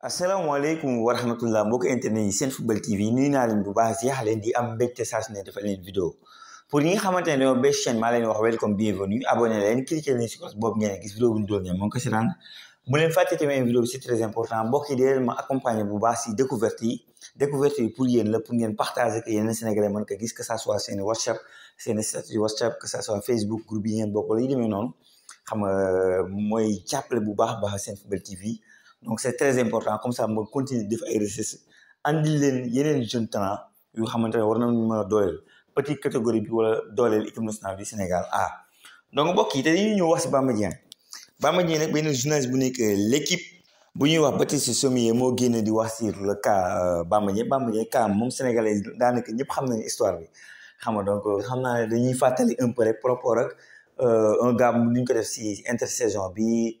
asalaamaaleykum wa rahmatullah mbokk internet yi sen football tv ni na leen bu baax si leen di am mbégte sas ne dafa leen vidéo pour ñi xamantene xamante ne dañoo bés chaîne maa leen wax welcome bienvenue abonné len cliquer len si cloche boobu ngeen gis vidéo bu ñu doon ngeen mën ko si rendre len leen fàtte tamit vidéo bi c'est très important mbokk yi di ma accompagner bu baax ci découverte yi découverte yi pour yéen la pour ngeen partager que yeneen sénégalais mën ko gis que ça soit sen whatsapp sen statut whatsapp que ça soit facebook groupe yi ngeen bokk la démé non xam nga moy jàppale bu baax baax sen football tv donc c'est très important comme ça ma continue def ay recherche andi leen yeneen jeune talent yu xamantene ne war nañu mën a petite catégorie bi wala dooleel équipe nationale du Sénégal A donc mbokk yi te ñu ñëw wax si Bamba Dieng Bamba Dieng nak benn journaliste bu nekk euh, l'équipe bu ñuy wax Baptiste Sommier mo génne di wax sur le cas euh, Bamba Dieng Bamba Dieng cas moom sénégalais daanaka ñëpp xam nañu histoire bi xam nga donc euh, xam naa dañuy fàttali un peu rek par rapport un gars bu ñu ko def si intersaison bi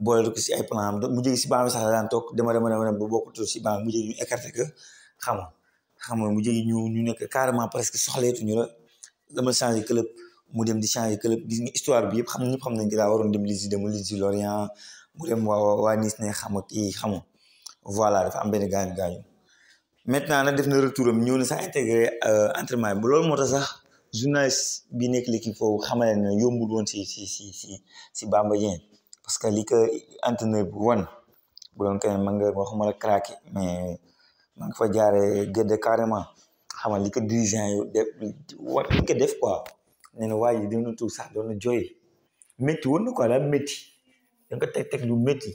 boole ko si ay plan am mu jógee si banc bi sax daan toog dama dama dama ba bokkutul si xam nga xam nga mu jógee ñu ñu nekk carrément presque soxleetuñu la dama changé club mu dem di changé club gis nga histoire bi yëpp xam xam nañ ci laa waroon dem Lille dem Lille si Lorient mu dem waa waa Nice ne xam nga kii xam nga voilà dafa am benn gaañu gaañu maintenant nag def na retour am ñëw na sax intégré euh, entraînement bi loolu moo tax sax journaliste bi nekk l'équipe foofu xamale na yombul woon si si si si si parce que li ko entraîneur bu wan bu doon kenn mën waxuma la craqué mais ma nga fa jaare gëdd carrément xam nga li ko dirigeant yi def war li ko def quoi nee na waa ji sax doon na jooy métti woon na quoi daal métti ko teg teg lu métti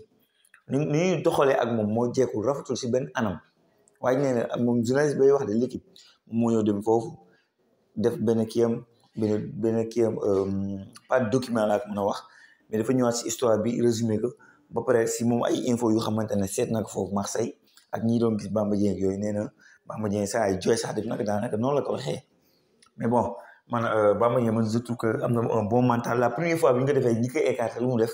ni ni ñuy ak moom moo jekkul rafetul si benn anam waaye nee moom journaliste bay wax da l'équipe moo ñëw dem foofu def benn kiyam benn benn euh, pas document laa ko mën a wax mais dafa ñëwaat si histoire bi résumé ko ba pare si moom ay info yu xamante ne seet na foofu Marseille ak ñi doon gis Bamba Dieng yooyu nee na Bamba Dieng saa ay jooy sax def nag daanaka noonu la ko waxee mais bon man euh, Bamba Dieng man je trouve que am na un bon mental la première fois bi ñu ko defee ñi ko écarté lu mu def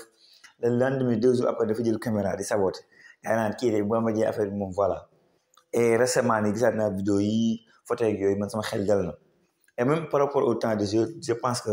le lendemain deux jours après dafa jël caméra di saboté yaa naan kii de Bamba Dieng affaire bi moom voilà et récemment ni gisaat naa vidéo yi photo yooyu man sama xel dal na et même par rapport au temps de jeu je pense que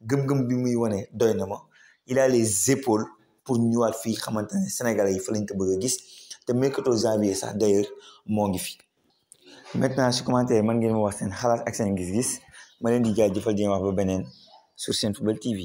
gëm bi muy il a les épaules pour ñëwaat ne Sénégalais yi fa lañ ko bëgg a gis janvier d'ailleurs fi. maintenant si commentaire man ngeen ma wax seen xalaat ak seen gis-gis ma leen di di wax TV.